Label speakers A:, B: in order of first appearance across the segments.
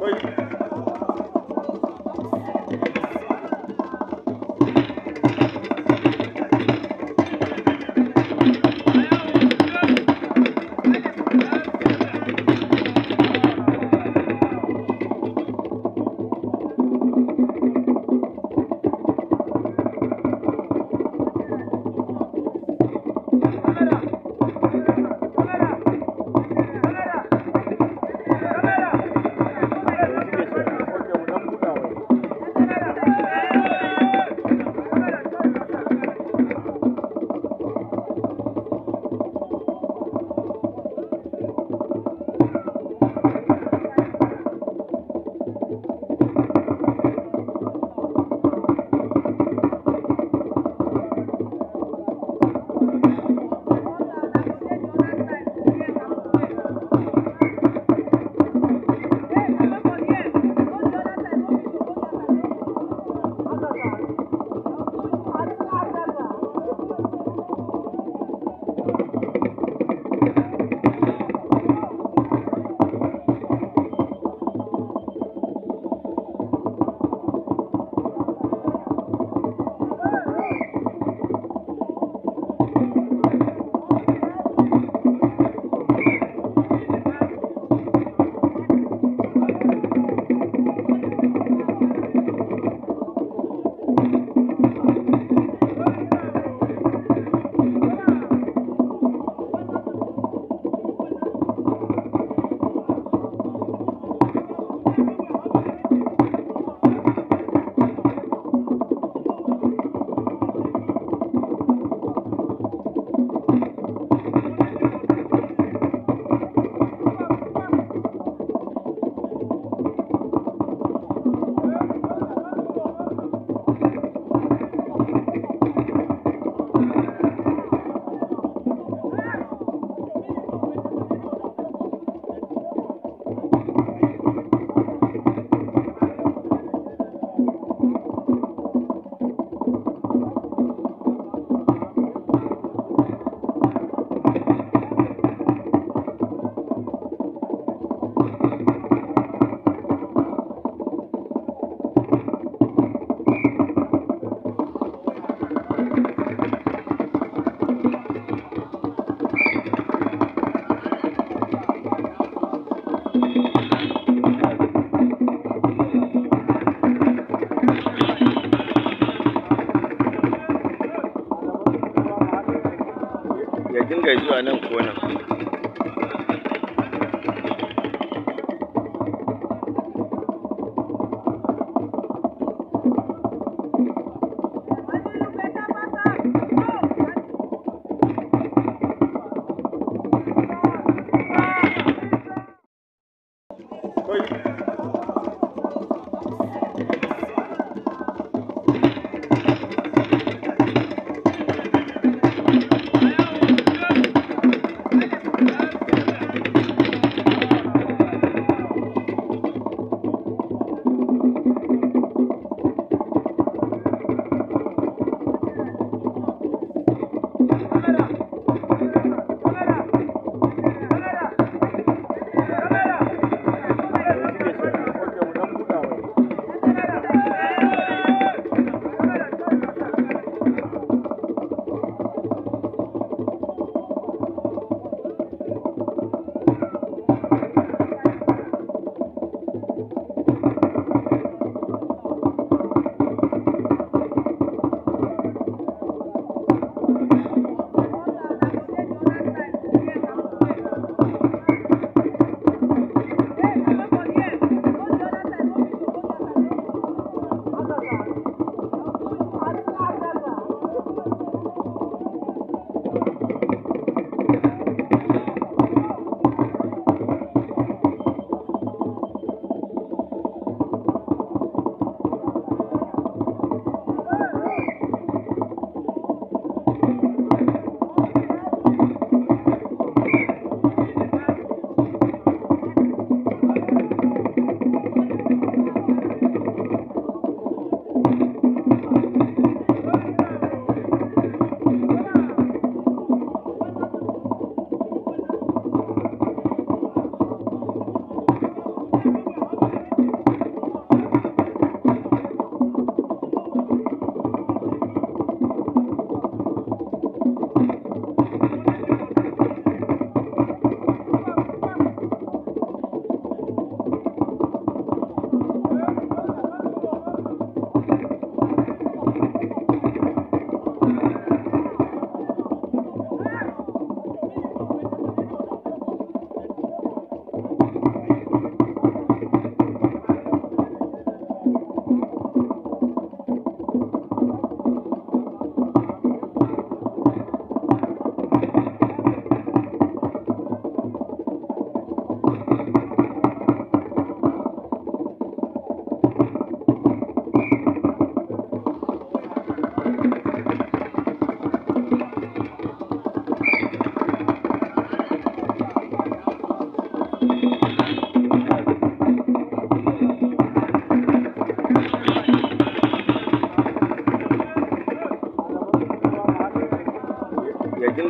A: Oi.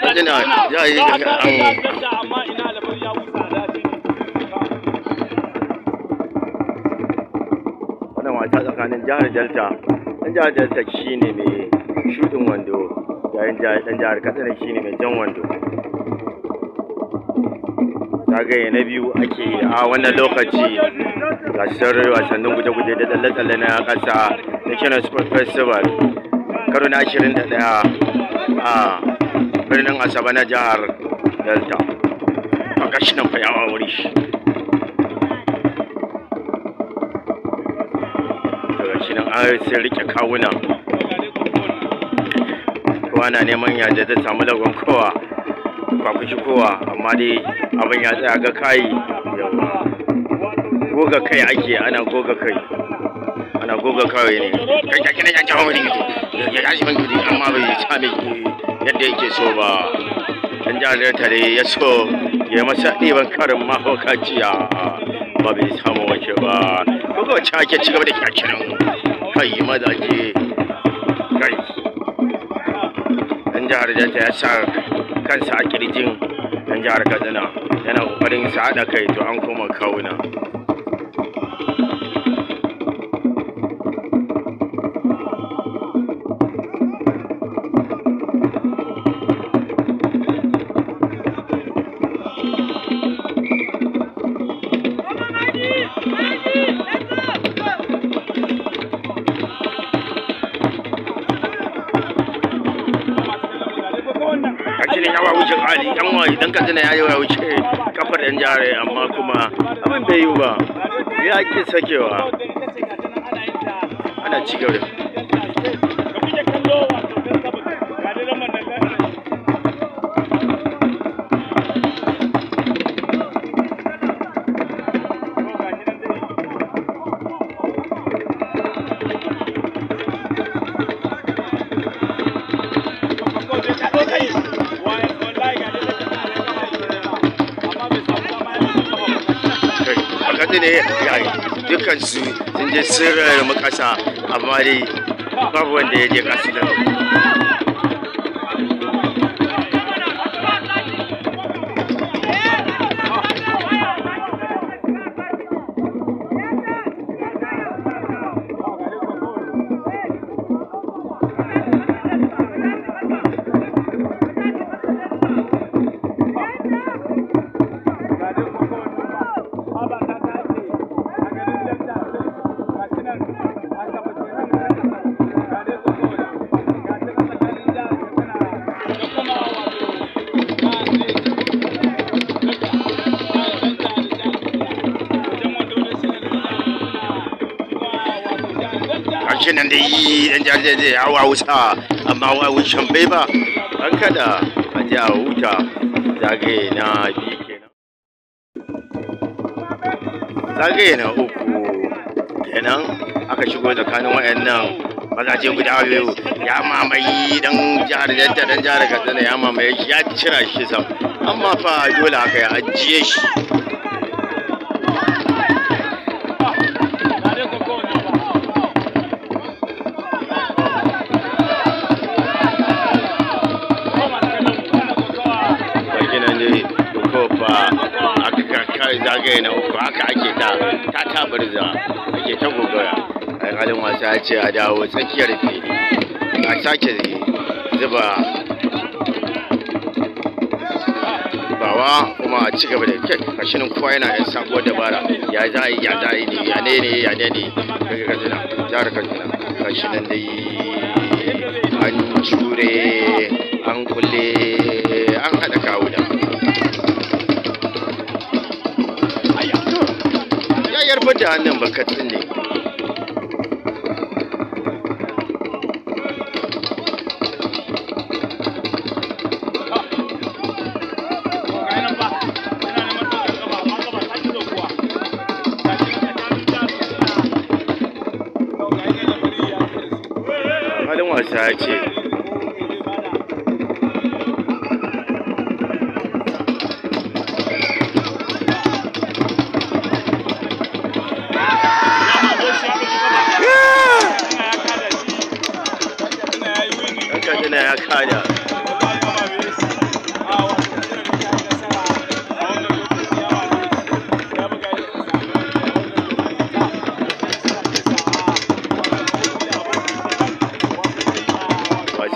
A: wannan wasa tsakanin jihar delta dan jihar delta shine mai shudin wando yayin dan jihar katsina shine mai jan wando zagaye na biyu ake a wannan lokaci gasar wasannin guje-guje da tsalle-tsalle na ƙasa national sport festival karo na 21 a ah. birnin Asaba na jihar Delta. A gashi nan fa wuri. Daga shi nan an sai rike kawuna. Kowa na neman ya ta samu lagon kowa. shi kowa amma dai abin ya tsaya ga kayi yawa. Goga kai ake ana goga kai. ana goga kawai ne kai ka ne ya jawo ne ya ji ban gudi amma bai same yadda yake so ba dan jihar tare ya so ya masa ɗiban karin mahaukaciya ba bai samu wace ba kuka wacce ake ci gaba da kyakirin kai mazaje kai dan jihar jata ya sa kansa a kirjin dan jihar katsina yana kokarin sa haɗa kai to an koma kawuna ne ya wucin ali yan wayi dan katsina ya yawa wuce kafar yan jare amma kuma abin bai yi ba ya ake sakewa ana cigaba hudu ne yayi dukkan su sun je sun rarrama kasa amma dai babu wanda ya je kasu da shi nan yi dan jarida zai hawa wuta amma wa wucin bai ba an kada a ji a huta zagaye na biyu kenan zagaye na uku kenan aka shigo tsakanin wayannan mazaje guda biyu ya mamayi dan jihar Delta dan jihar Katsina ya mamaye shi ya cira shi sam amma fa dole aka ya ajiye shi zagaye na uku haka ake ta ta tabar ke ta gogara alƙalin wasa ya ce a dawo tsakiyar fili a sake zuba bawa kuma a ci gaba da kek kashinin kowa yana yin sabuwa dabara ya za yi ya za yi ne ya ne ne ya ne ne daga kaduna jihar kaduna kashinin da yi an jure an kulle an haɗa kawo da yayar bada hannun bakatun ne ce Ina ya kada.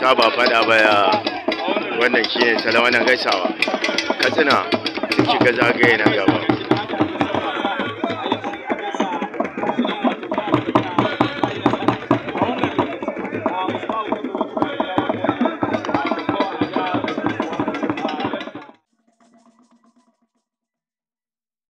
A: saba ba fada ba wannan shi ne salamanin gaisawa katsina sun shiga zagaye na gaba